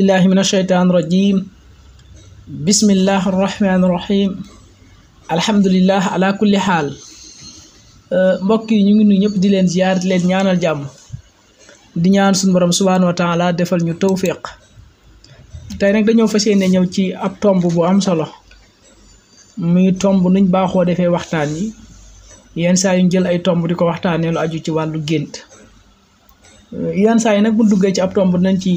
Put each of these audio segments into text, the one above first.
billahi min ashaytaan rajim bismillah arrahman irrahim alhamdulilah ala kulli xaal euh, mbokk yi ñu ngi nuyu ñëpp di leen ziyaar leen ñaanal jàmm di ñaan suñu borom subhaanahu wa taala defal ñu tawfiq te nag dañoo fas yéene ñëw ci ab tomb bu am solo muy tomb nuñ baaxoo defee waxtaan yi yenn saa yi ñu jël ay tomb di ko waxtaanee lu aju ci wàllu gént euh, yenn saa yi nag bu duggee ci ab tomb nañ ci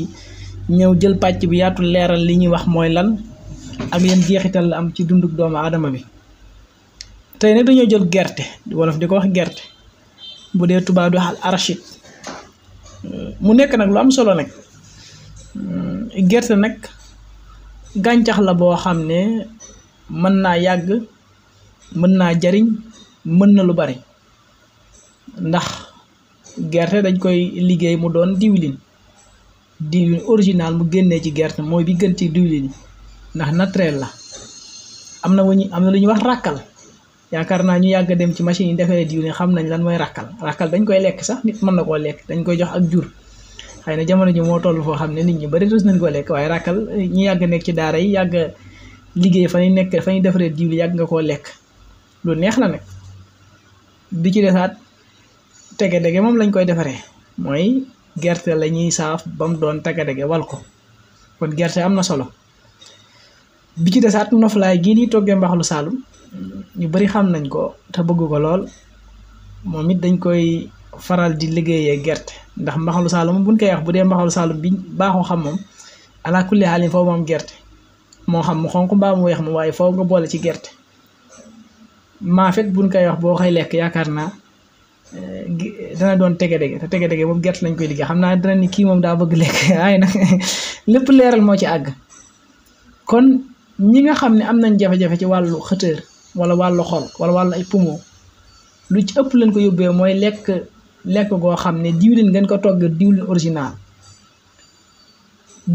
ñew jël pacc bi yaatu leral li ñuy wax moy lan ak yeen jeexital am ci dunduk doom aadama bi tay nag dañu jël gerte wolof di ko wax gerte bu dé tuba du hal arachid mu nekk nak lu am solo nak gerte nak gantax la bo xamné ne mën na yagg mën na jariñ mën na lu bari ndax gerte dañ koy liggéey mu doon diwlin diwlin original mu génnee ci gerte mooy bi gën ci diwlin ndax naturel la am na wuñu am na lu ñuy wax ràkkal yaakaar naa ñu yàgg dem ci machine yi defaree diwlin xam nañ lan mooy ràkkal ràkkal dañ koy lekk sax nit mën na koo lekk dañ koy jox ak jur xëy na jamono ji moo toll foo xam ne nit ñi bari rës nañ koo lekk waaye ràkkal ñi yàgg nekk ci daara yi yàgg a liggéey fa ñuy nekk fa ñuy defaree diwlin yàgg nga koo lekk lu neex la nag bi ci desaat tege dege moom lañ koy defaree mooy gerte la ñuy saaf ba mu doon tagadege wal ko kon gerte am na solo bi ci desaat noflaay gii ni toggee mbaxalu saalum ñu bari xam nañ ko te bëgg ko lool moom it dañ koy faral di liggéeyee gerte ndax mbaxalu saalum buñ koy wax bu dee mbaxalu saalum bi baaxoo xam moom ala kulli xaalin foofu gerte moo xam mu xonq mbaa mu weex ma waaye foofu nga boole ci gerte maafet buñ koy wax boo koy lekk yaakaar naa dana doon tege dege te tege dege boobu gerte lañ koy liggéey xam naa dana ni kii moom daa bëgg lekk waaye nag lépp leeral moo ci àgg kon ñi nga xam ne am nañ jafe-jafe ci wàllu xëtër wala wàllu xol wala ay poumon lu ci ëpp lañ ko yóbbee mooy lekk lekk goo xam ne diwlin ngeen ko togg diwlin original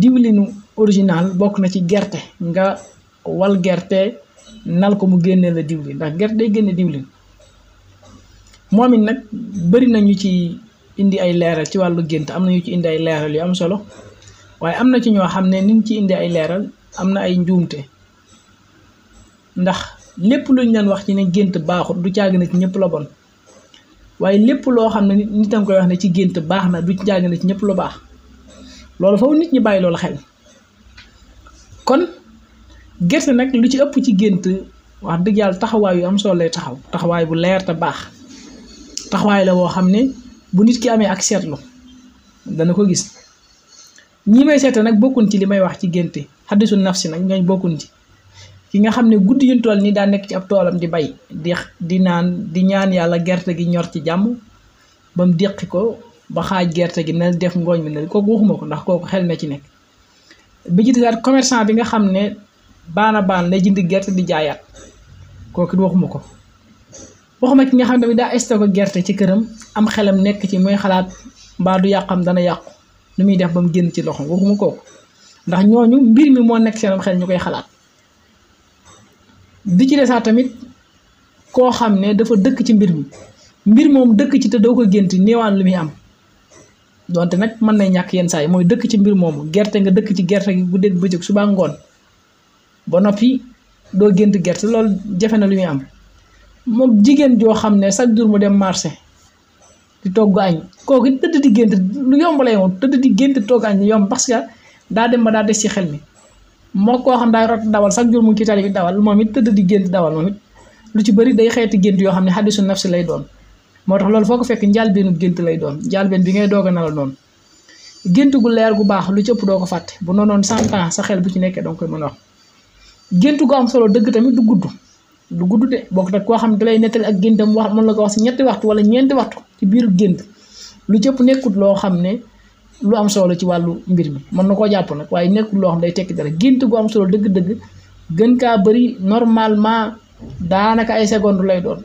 diwlinu original bokk na ci gerte nga wal gerte nal ko mu génnee la diwlin ndax gerte day génne diwlin moom it nag bëri nañu ci indi ay leeral ci wàllu gént am na ñu ci indi ay leeral yu am solo waaye am na ci ñoo xam ne niñ ci indi ay leeral am na ay njuumte ndax lépp luñ leen wax ci ne gént baaxut du caag na ci ñëpp la bon waaye lépp loo xam ne nit a koy wax ne ci gént baax na du caag na ci ñëpp lu baax loolu foofu nit ñi bàyyi loolu xel kon gerte nag lu ci ëpp ci gént wax dëgg taxawaay yu am solo lay taxaw taxawaay bu leer te baax. taxawaay la woo xam ne bu nit ki amee ak seetlu dana ko gis ñi may seeta nag bokkuñ ci li may wax ci génte xaddisu nafsi nag ñooñ bokkuñ ci ki nga xam ne guddi yu toll nii daa nekk ci ab toolam di bay di di naan di ñaan yàlla gerte gi ñor ci jàmm bam déqi ko ba xaaj gerte gi na def ngooñ mi na kooku waxuma ko ndax kooku xel na ci nekk bi ci desaat commerçant bi nga xam ne baana baan lay jënd gerte di jaayaat kooku waxuma ko waxuma ki nga xam ne bi daa stocké gerte ci këram am xelam nekk ci mooy xalaat mbaa du yàqam dana yàqu nu muy def ba mu génn ci loxo waxuma kooku ndax ñooñu mbir mi moo nekk seenam xel ñu koy xalaat di ci desaa tamit koo xam ne dafa dëkk ci mbir mi mbir moom dëkk ci te doo ko gént néewaan lu muy am donte nag mën nay ñàkk yenn saa yi mooy dëkk ci mbir moomu gerte nga dëkk ci gerte gi bu dégg bëccëg subaa ngoon ba noppi doo gént gerte loolu jafe na lu muy am moom jigéen joo xam ne chaque jour mu dem marché di togg añ kooku tëdd di gént lu yomb lay woon tëdd di gént togg añ yomb parce que daa dem ba daa des ci xel mi moo koo xam daa rot dawal chaque jour mu ngi ci tali dawal moom it tëdd di gént dawal moom it lu ci bëri day xeeti gént yoo xam ne xaddisu nafsi lay doon moo tax loolu foo ko fekk njàlbeenu gént lay doon njàlbeen bi ngay doog a nala noonu gént gu leer gu baax lu ci ëpp doo ko fàtte bu noonoon cent ans sa xel bu ci nekkee danga koy mën a wax gént gu am solo dëgg tamit du gudd du gudd de bokk nag koo xam ne dalay nettali ak géntam wax mën la ko wax si ñetti waxtu wala ñeenti waxtu ci biir gént lu cëpp nekkut loo xam ne lu am solo ci wàllu mbir mi mën na koo jàpp nag waaye nekkul loo xam day tekki dara gént gu am solo dëgg-dëgg gën kaa bëri normalement daanaka ay seconde lay doon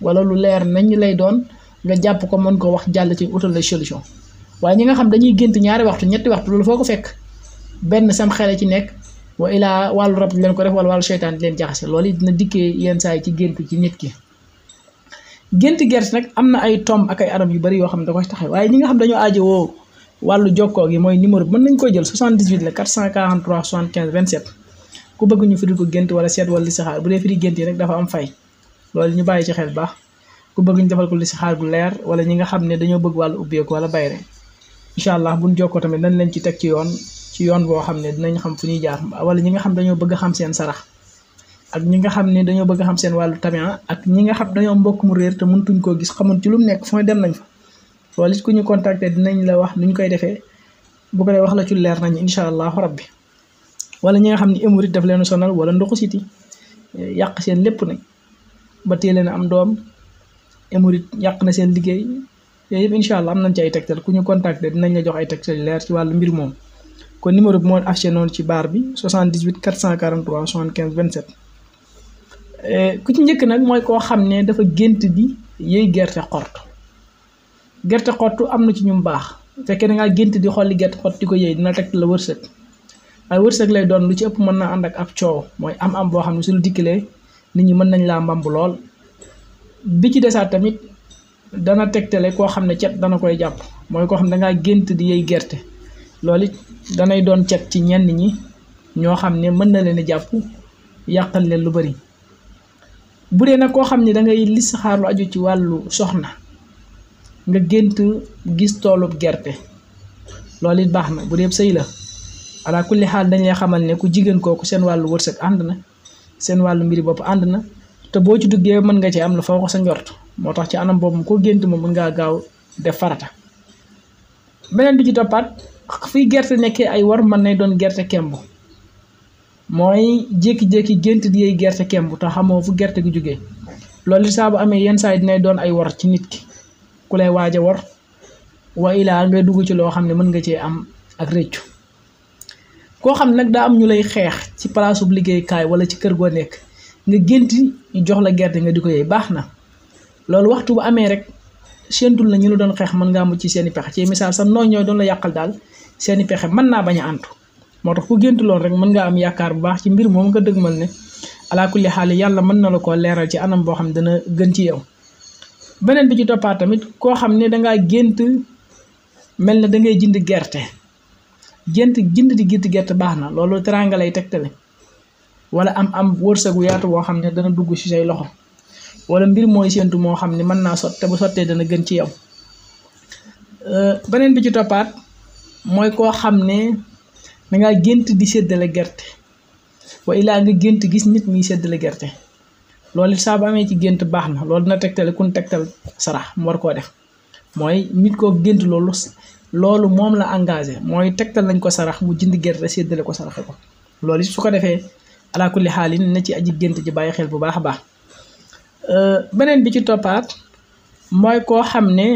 wala lu leer nañ lay doon nga jàpp ko mën koo wax jàll ci utal lay solution waaye ñi nga xam dañuy gént ñaari waxtu ñetti waxtu loolu foo ko fekk benn sam xele ci nekk waa ilaa wàllu rab leen ko def wala wàllu seytaan di leen jaxase loolu it dina dikkee yenn saa yi ci gént ci nit ki gént gerte nag am na ay tomb ak ay anam yu bari yoo xam ne da koy waaye ñi nga xam dañoo aajo woo wàllu jokkoo gi mooy numéro bi mën nañ koo jël 78 la 443 75 27 ku bëgg ñu firi ko gént wala seet wala listixaar bu dee firi gént yi nag dafa am fay loolu ñu bàyyi ci xel baax ku bëgg ñu defal ko listixaar bu leer wala ñi nga xam ne dañoo bëgg wàllu ubbeeku wala bayre incha allah buñ jokkoo tamit nañ leen ci teg ci yoon ci yoon boo xam ne dinañ xam fu ñuy jaar wala ñi nga xam dañoo bëgg xam seen sarax ak ñi nga xam ne dañoo bëgg xam seen wàllu tabian ak ñi nga xam dañoo mbokk mu réer te mëntuñ koo gis xamuñ ci lu mu nekk fu ne dem nañ fa loolu it ku ñu contacter dinañ la wax nuñ koy defee bu ko wax la ci leer nañ incha allahu rabbi wala ñi nga xam ne émurit daf leen sonal wala ndoxu siti yàq seen lépp nag ba tee leen am doom émurit yàq na seen liggéey yooyu yëpp incha allah am nañ ci ay tegtal ku ñu contacter dinañ la jox ay tegtal leer ci wàllu mbir moom kon numéro bi moo affiché noonu ci baar bi 78 443 75 27 ku ci njëkk nag mooy koo xam ne dafa gént di yëy gerte xort gerte xort am na ci ñum baax fekkee da ngaa gént di xolli gerte xort di ko yëy dina teg la wërsëg waaye wërsëg lay doon lu ci ëpp mën naa ànd ak ab coow mooy am-am boo xam ne su lu dikkalee nit ñi mën nañ laa mbamb lool bi ci desaat tamit dana tegtale koo xam ne cet dana koy jàpp mooy koo xam ne dangaa gént di yëy gerte loli da nay doon ceeb ci ñen ñi ño xamne mën na leen japp yaqal leen lu bari bu de ko xamne da ngay lu aju ci walu soxna nga gënt gis toolub gerte loolu baxna bu de sey la ala kulli hal dañ lay xamal ne ku jigéen kooku seen walu wërsek and na seen walu mbiri bop and na te bo ci duggé mën nga ci am lu foko sa ñort motax ci anam bop ko gënt moom mën nga gaaw def farata benen bi ci topat fii gerte nekkee ay war mën nay doon gerte kemb mooy jékki-jékki gént di yey gerte kemb te xamoo fu gerte gi jógee loolu saa bu amee yenn saa yi dinay doon ay war ci nit ki ku lay waaj a war wa ilaa ngay dugg ci loo xam ne mën nga cee am ak réccu koo xam nag daa am ñu lay xeex ci palaasub liggéeykaay wala ci kër goo nekk nga gént jox la gerte nga di ko yey baax na loolu waxtu bu amee rek séentul na ñu la doon xeex mën ngaa mucc ci seen i pexe ci misaal sax nooy ñooy doon la yàqal daal seen pexe mën naa bañ a antu moo tax ku gént loolu rek mën ngaa am yaakaar bu baax ci mbir moom nga dëgmal ne alaa kulli xaal yàlla mën na la koo leeral ci anam boo xam dana gën ci yow beneen bi ci toppaat tamit koo xam ne dangaa gént mel na da ngay jënd gerte gént jënd di gétt gerte baax na loolu teraanga lay tegtale wala am am wërsëgu yaatu boo xam ne dana dugg ci say loxo wala mbir mooy séentu moo xam ne mën naa sot te bu sottee dana gën ci yow euh, beneen bi ci toppaat mooy koo xam ne dangay gént di séddale gerte wa illaa nga gént gis nit ñi séddale gerte loolu saa bu amee ci gént baax na loolu dina tegtale kun tegtal sarax mu war koo def mooy nit koo gént loolu loolu moom la engagé mooy tegtal nañ ko sarax mu jënd gerte séddale ko saraxe ko loolu su ko defee alaakulli xaalin na ci aji gént ji bàyyi xel bu baax a baax Euh, beneen bi ci toppaat mooy koo xam ne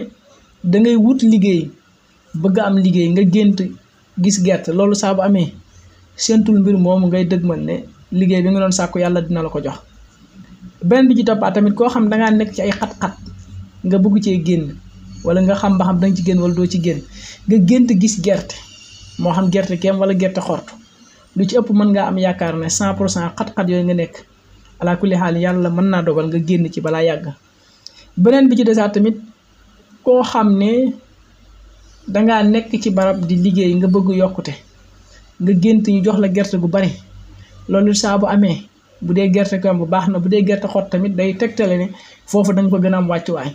dangay wut liggéey bëgg am liggéey nga gént gis gerte loolu saa amee séentul mbir moomu ngay mën ne liggéey bi nga doon sàkku yàlla dina la ko jox beneen bi ci toppaat tamit koo xam dangaa nekk ci ay xat-xat nga bëgg cee génn wala nga xam ba xam danga ci génn wala doo ci génn nga gént gis gerte moo xam gerte keem wala gerte xort lu ci ëpp mën ngaa am yaakaar ne 100 xat-xat yooyu nga nekk ala kulli xaal yàlla mën naa dogal nga génn ci balaa yàgg beneen bi ci desaat tamit koo xam ne danga nekk ci barab di liggéey nga bëgg yokkute nga gént ñu jox la gerte gu bari loolu saa bu amee bu dee gerte ko bu baax na bu dee gerte xot tamit day tegtale ne foofu danga ko gën a am wàccuwaay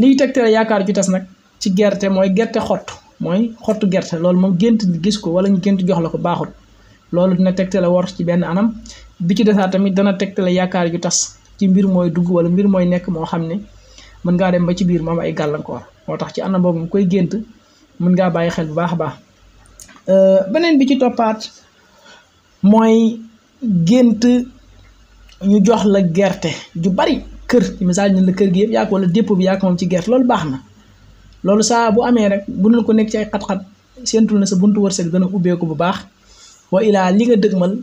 liy tegtale yaakaar ju tas nag ci gerte mooy gerte xott mooy xottu gerte loolu moom gént gis ko wala ñu gént jox la ko baaxut loolu dina tegtale wor ci benn anam bi ci desaat tamit dana tegtale yaakaar ju tas ci mbir mooy dugg wala mbir mooy nekk moo xam ne mën ngaa dem ba ci biir moom ay gàllankoor moo tax ci anam boobu mu koy gént mën ngaa bàyyi xel bu baax a baax euh, beneen bi ci toppaat mooy gént ñu jox la gerte ju bari kër ci message na la kër gi yëpp yaa ko wala dépôt bi yaa ci gerte loolu baax na loolu saa bu amee rek bu dul ko nekk ci ay xat-xat séentul na sa buntu wërsëg dana ubbeeku bu baax wa ilaa li nga dëgmal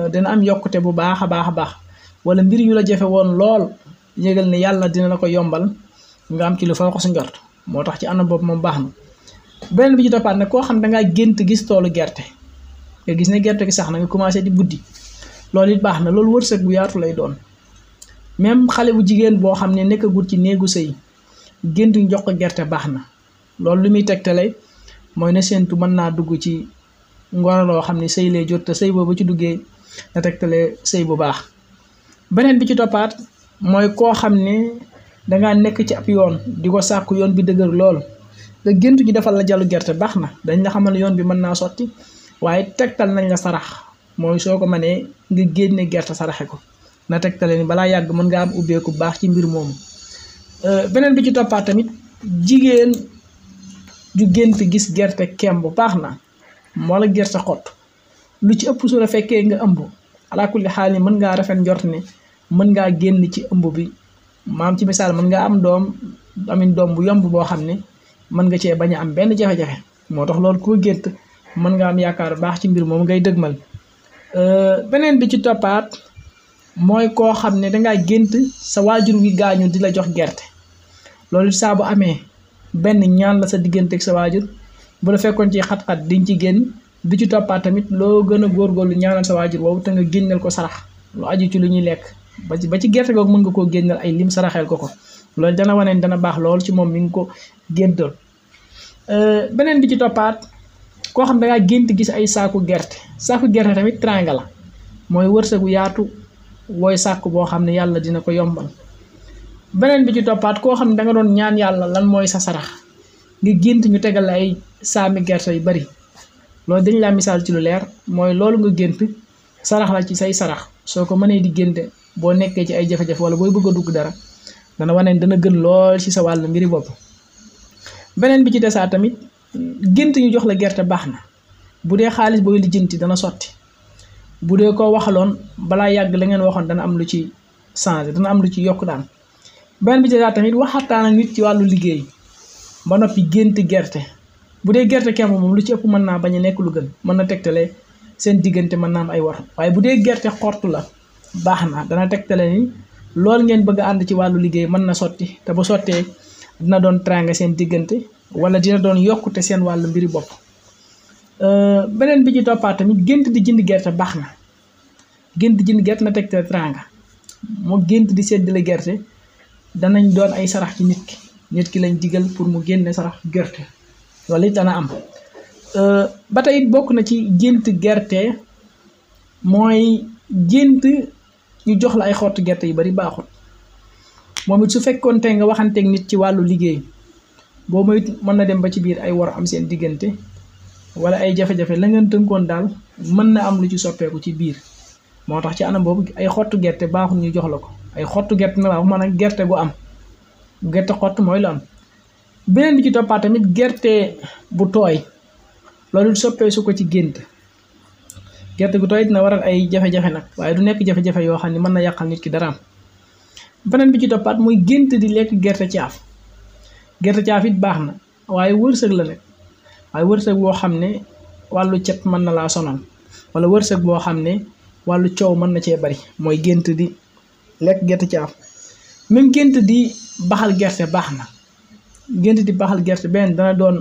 Euh, dana am yokkute bu baax a baax a baax wala mbir yu la jafe woon lool yëgal ne yàlla dina la ko yombal nga am ci lu fa ko si moo tax ci anam boobu moom baax na beneen bi ci toppaat ne koo xam dangaa gént gis toolu gerte nga gis ne gerte gi sax na commencé di buddi loolu it baax na loolu wërsëg bu yaatu lay doon même xale bu jigéen boo xam ne nekkagul ci néegu sëy gént jox ko gerte baax na loolu lu muy teg tegtale mooy ne séentu mën naa dugg ci ngoro loo xam ne sëy lay jot te sëy boobu ci duggee na tegtale sëy bu baax benen bi ci topat moy ko xamne da nga nek ci ap yoon di sakku yoon bi deugar lol da gentu ji defal la jalu gerte baxna dañ la xamal yoon bi man na soti waye tektal nañ la sarax moy soko mané nga genné gerte saraxé ko na tektale ni bala yag mën nga am ko bax ci mbir euh benen bi ci topat tamit jigen ju gént gis gerte kembu baxna mo la gerte xott lu ci ëpp su la fekkee nga ëmb ala kulli xaal mën ngaa rafet njort ne mën ngaa génn ci ëmb bi maam ci misaal mën ngaa am doom amin doom bu yomb boo xam ne mën nga cee bañ a am benn jafe-jafe moo tax loolu koo gént mën nga am yaakaar baax ci mbir moom ngay dëgmal beneen bi ci toppaat mooy koo xam ne dangaa gént sa waajur wi gaañu di la jox gerte loolu saa bu amee benn ñaan la sa diggante ak sa waajur bu la fekkoon ci xat-xat diñ ci génn bi ci toppaat tamit loo gën a góor góor lu ñaanal sa waajur woowu te nga génneel ko sarax lu aju ci lu ñuy lekk ba ci ba ci gerte googu mën nga koo génneel ay lim saraxeel ko ko loolu dana waneen dana baax lool ci moom mi ngi ko géntoon euh, beneen bi ci toppaat koo xam dangaa gént gis ay saaku gerte saaku gerte tamit tranga la mooy wërsëgu yaatu wooy sàkk boo xam ne yàlla dina ko yombal beneen bi ci toppaat koo xam ne danga doon ñaan yàlla lan mooy sa sarax nga gént ñu tegal ay saami gerte yu bari loolu dañ laa misaal ci lu leer mooy loolu nga gént sarax la ci say sarax soo ko mënee di génte boo nekkee ci ay jafe-jafe wala booy bëgg a dugg dara dana wane dana gën lool ci sa wàll mbiri bopp beneen bi ci desaa tamit gént ñu jox la gerte baax na bu dee xaalis booy lijjanti dana sotti bu dee ko waxaloon balaa yàgg la ngeen waxoon dana am lu ci changé dana am lu ci yokk daan beneen bi ci desaa tamit waxataan ak nit ci wàllu liggéey ba noppi gént gerte bu dee gerte kemb mom lu ci ëpp mën naa bañ a lu gën mën na tegtale seen digënté mën naa am ay war waye bu dee gerte xortu la baxna dana tegtale ni lool ngeen bëgg and ci walu liggéey mën na sotti te bu soté dina doon teraanga seen digënté wala dina doon yokuté seen walu mbiri euh benen bi ci toppaat tamit gënt di jënd gerte baxna gënt di jënd gerte na tegtale tranga mo gënt di le gerte danañ doon ay sarax ci nit ki nit ki lañ digal pour mu génne sarax gerte loolu it dana am euh, ba tey bokk na ci gént gerte mooy gént ñu jox la ay xottu gerte yu bari baaxul moom it su fekkoon te nga waxanteeg nit ci wàllu liggéey boo moyt mën na dem ba ci biir ay war a am seen diggante wala ay jafe-jafe la ngeen tënkoon daal mën na am lu ci soppeeku ci biir moo tax ci anam boobu ay xottu gerte baaxul ñu jox la ko ay xottu gerte na waaw man nag gerte gu am gerte xott mooy la am beneen bi ci toppaat tamit gerte bu tooy loolu soppee su ko ci gént gerte gu tooy dina waral ay jafe-jafe nag waaye du nekk jafe-jafe yoo xam ne mën na yàqal nit ki daraam beneen bi ci toppaat muy gént di lekk gerte caaf gerte caaf baax na waaye wërsëg la nag wërsëg boo xam ne wàllu cet mën na laa sonal wala wërsëg boo xam ne wàllu coow mën na cee bari mooy gént di lekk gerte caaf même gént di baxal gerte baax na gënd di baxal gerte benn dana doon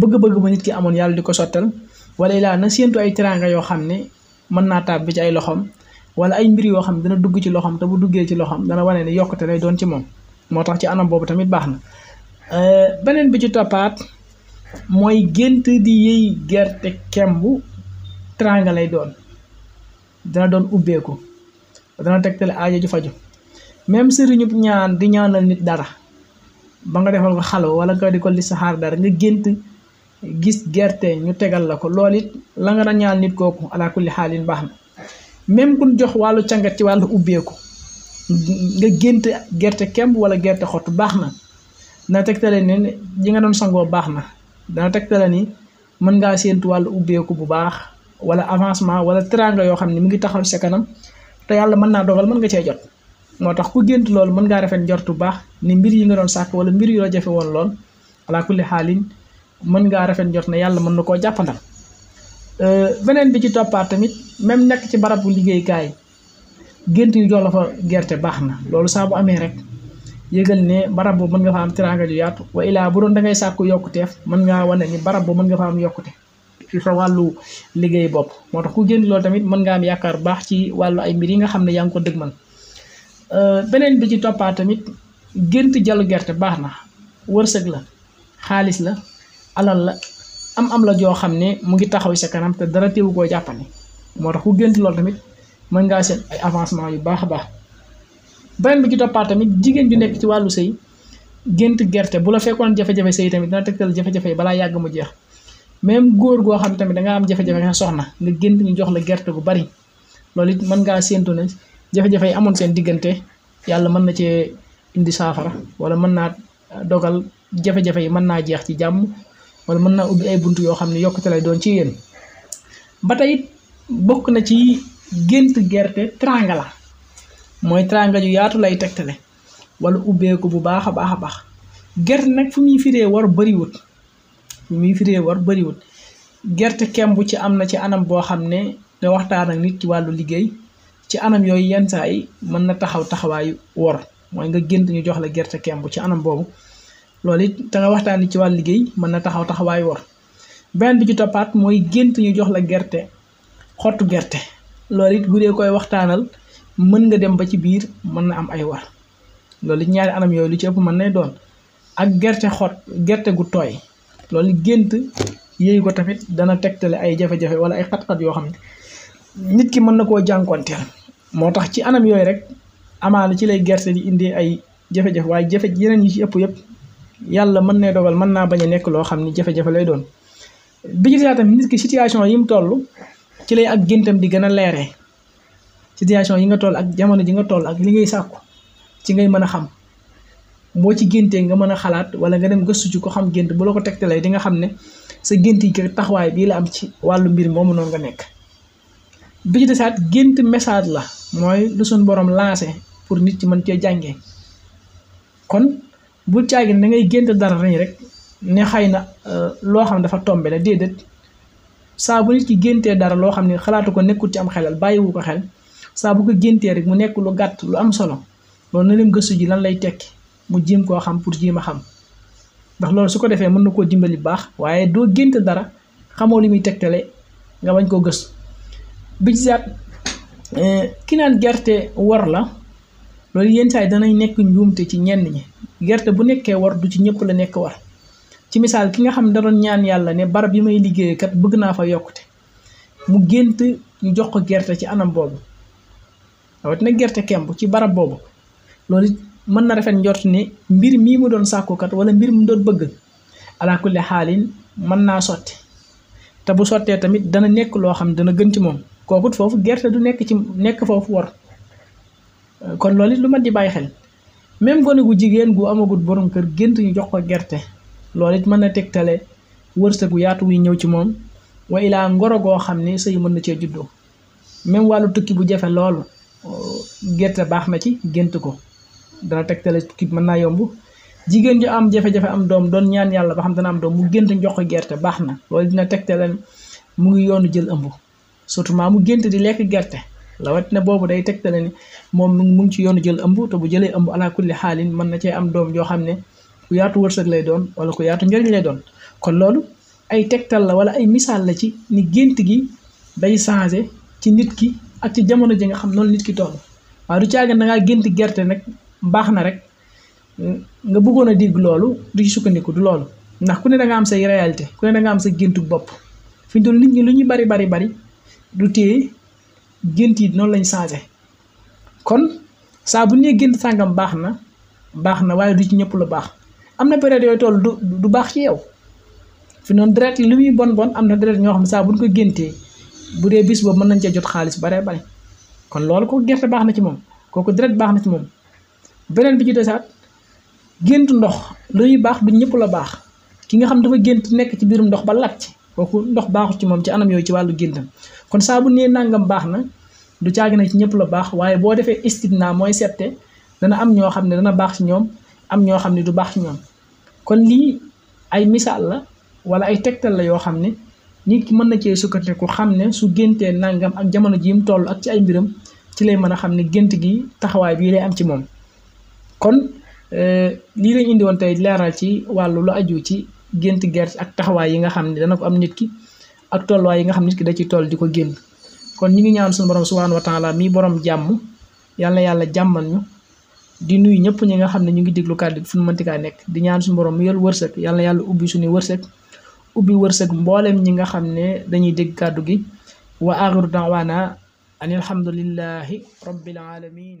bëgg-bëgg ba nit ki amoon yàlla di ko sottal wala ilaa na séentu ay teranga yoo xam ne mën naa tàbbi ci ay loxoom wala ay mbir yoo xam dana dugg ci loxoom te bu duggee ci loxoom dana wane ne yokkute lay doon ci moom moo tax ci anam boobu tamit baax na euh, beneen bi ci toppaat mooy gént di yëy gerte kemb teranga lay doon dana doon ubbeeku dana tegtale aajo ju faju même sëriñu ñaan di ñaanal nit dara ba nga defal ko xalo wala nga di ko li saxaar dara nga gént gis gerte ñu tegal la ko lool it la nga na ñaal nit kooku ala kulli xaalin baax na même kun jox wàllu càngat ci wàllu ubbeeku nga gént gerte kemb wala gerte xottu baax na dana tegtale ne ji nga doon sangoo baax na dana tegtale ni mën ngaa séentu wàllu ubbeeku bu baax wala avancement wala teraanga yoo xam ne mu ngi taxaw sa kanam te yàlla mën naa dogal mën nga cee jot moo tax ku gént loolu mën ngaa rafet njort bu baax ni mbir yi nga doon sàkk wala mbir yoo la jafe woon lool ala kulli xaalin mën ngaa rafet jot na yàlla mën na koo jàppandal euh, beneen bi ci toppaat tamit même nekk ci barabu liggéeykaay gént yu jox la fa gerte baax na loolu saa bu amee rek yëgal ne barab boobu mën nga fa am teraanga yaatu wa ilaa bu doon da ngay sàkku yokkuteef mën ngaa wane ni barab boobu mën nga fa am yokkute ci wàllu liggéey bopp moo tax ku gént loolu tamit mën nga yaakaar baax ci wàllu ay mbir yi nga xam ne yaa ngi ko dëgmal Euh, beneen bi ci toppaat tamit gént jalu gerte baax na wërsëg la xaalis la alal la am am la joo xam ne mu ngi taxaw sa kanam te dara teewu koo jàppane moo tax ku gént loolu tamit mën ngaa seet ay avancement yu baax a baax beneen bi ci toppaat tamit jigéen ju nekk ci wàllu sëy gént gerte bu la fekkoon jafe-jafe sëy tamit dana tegtal jafe-jafe yi balaa yàgg mu jeex même góor goo xam tamit da nga am jafe-jafe nga soxna nga gént ñu jox la gerte gu bari loolu it mën ngaa séentu ne jafe-jafe yi amoon seen diggante yàlla mën na cee indi saafara wala mën naa dogal jafe-jafe yi mën naa jeex ci jàmm wala mën naa ubbi ay bunt yoo xam ne yokkute lay doon ci yéen ba tey bokk na ci gént gerte tranga la mooy tranga yu yaatu lay tegtale wala ubbeeku bu baax a baax a baax gerte nag fu muy firee war bëriwut fu muy firee war bëriwut gerte kemb ci am na ci anam boo xam ne da waxtaan ak nit ci wàllu liggéey ci anam yooyu yenn saa yi mën na taxaw taxawaayu wor mooy nga gént ñu jox la gerte kemb ci anam boobu loolu it te nga waxtaanee ci wàllu liggéey mën na taxaw taxawaayu wor benn bi ci toppaat mooy gént ñu jox la gerte xottu gerte loolu it bu dee koy waxtaanal mën nga dem ba ci biir mën na am ay war loolu it ñaari anam yooyu lu ci ëpp mën na doon ak gerte xot gerte gu tooy loolu gént yéyu ko tamit dana tegtale ay jafe-jafe wala ay xat-xat yoo xam ne nit ki mën na koo jànkonteel moo tax ci anam yooyu rek amaana ci lay gerte di indee ay jafe-jafe waaye jafe yeneen yi ci ëpp yëpp yàlla mën ne dogal mën naa bañ a nekk loo xam ni jafe lay doon bi ci tam nit ki situation yi mu toll ci lay ak géntam di gën a leere situation yi nga toll ak jamono ji nga toll ak li ngay sàkku ci ngay mën a xam boo ci géntee nga mën a xalaat wala nga dem gëstu ci ko xam gént bu la ko tegtalee di nga xam ne sa gént yi taxawaay bii la am ci wàllu mbir moomu noonu nga nekk bi de saat gént message la mooy lu suñ boroom lancé pour nit ci mën cee jàngee kon bu caagi da ngay gént dara nañ rek ne xëy na euh, loo xam dafa tombe la déedéet saa bu nit ci géntee dara loo xam ne xalaatu ko nekkul ci am xelal bàyyiwu ko xel saa bu ko géntee rek mu nekk lu gàtt lu am solo loolu na leen gëstu ji lan lay tekki mu jéem koo xam pour jéem a xam ndax loolu su ko defee mën na koo dimbali baax waaye doo gént dara xamoo li muy tegtale nga bañ koo gëstu bijisaat eh, ki naan gerte war la loolu yenn saa yi danay nekk njuumte ci ñenn ñi gerte bu nekkee war du ci ñëpp la nekk war ci misaal ki nga xam da doon ñaan yàlla ne barab yi may liggéeyee kat bëgg naa fa yokkute mu gént jox ko gerte ci anam boobu rawatina gerte kemb ci barab boobu loolu mën na rafet njort ni mbir mii mu doon sàkkukat wala mbir mu doon bëgg ala xaalin mën naa sotti te bu sottee tamit dana nekk loo xam dana gën ci moom. kookut foofu gerte du nekk ci nekk foofu war kon loolu it lu ma di bàyyi xel même gone gu jigéen gu amagut borom kër gént ñu jox ko gerte loolu it mën na tegtale wërsëg gu yaatu wuy ñëw ci moom wa ngoro goo xam ne sëy mën na cee juddoo même wàllu tukki bu jafe loolu euh, gerte baax na ci gént ko dana tegtale tukki mën naa yomb jigéen ju am jafe-jafe am doom doon ñaan yàlla ba xam dana am doom mu gént ñu jox ko gerte baax na loolu dina tegtale mu ngi yoonu jël ëmb surtout maa mu gént di lekk gerte rawatina boobu day tegtale ni moom mu ngi ci yoonu jël ëmb te bu jëlee ëmb ala kulli xaalin mën na cee am doom joo xam ne ku yaatu wërsëg lay doon wala ku yaatu njëriñ lay doon kon loolu ay tegtal la wala ay misaal la ci ni gént gi day changé ci nit ki ak ci jamono ji nga xam noonu nit ki toll waaye du caagan na ngaa gént gerte nag baax na rek nga bëggoon a digg loolu du ci sukkandiku du loolu ndax ku ne da nga am say réalité ku ne nga am sa géntu bopp fi ñu nit ñi lu ñu bari bari bari du téye gént yi noonu lañ changé kon saabu bu nee gént sàngam baax na baax na waaye du ci ñëpp lu baax am na période yooyu toll du du baax ci yow fi noonu deret li muy bon bon am na deret ñoo xam ne saa buñ ko géntee bu dee bis boobu mën nañ cee jot xaalis bare bare kon loolu kooku gerte baax na ci moom kooku deret baax na ci moom beneen bi ci desaat gént ndox luy baax du ñëpp la baax ki nga xam dafa gént nekk ci biirum ndox ba lat ci kooku ndox baaxut ci moom ci anam yooyu ci wàllu géntam kon saabu bu nee nangam baax na du caagi na ci ñëpp la baax waaye boo defee istitna mooy sette dana am ñoo xam ne dana baax ci ñoom am ñoo xam ne du baax ci ñoom kon lii ay misaal la wala ay tegtal yoo xam ne nit mën na cee sukkandiku xam ne su géntee nangam ak jamono ji mu ak ci ay ci lay mën a xam ne gént gi taxawaay bii lay am ci moom kon euh, lii lañ indi woon tey leeral ci wàllu lu aju ci gént gerte ak taxawaay yi nga xam ne dana ko am nit ki ak tolluway yi nga xamni nit ki da ci toll diko genn kon ñi ngi ñaan suñu borom subhanahu wa taala mi borom jamm yalla yalla jammal ñu di nuyu ñepp ñi nga xamni ñu ngi déglu kaddu gi fu ñu mënti kaa nekk di ñaan suñu borom mu yor wërsëg yalla yàlla ubbi suñu wërsëg ubbi wërsëg mbollem ñi nga xamne dañuy deg kaddu gi wa aghru da'wana anil hamdulillahi rabbil alamin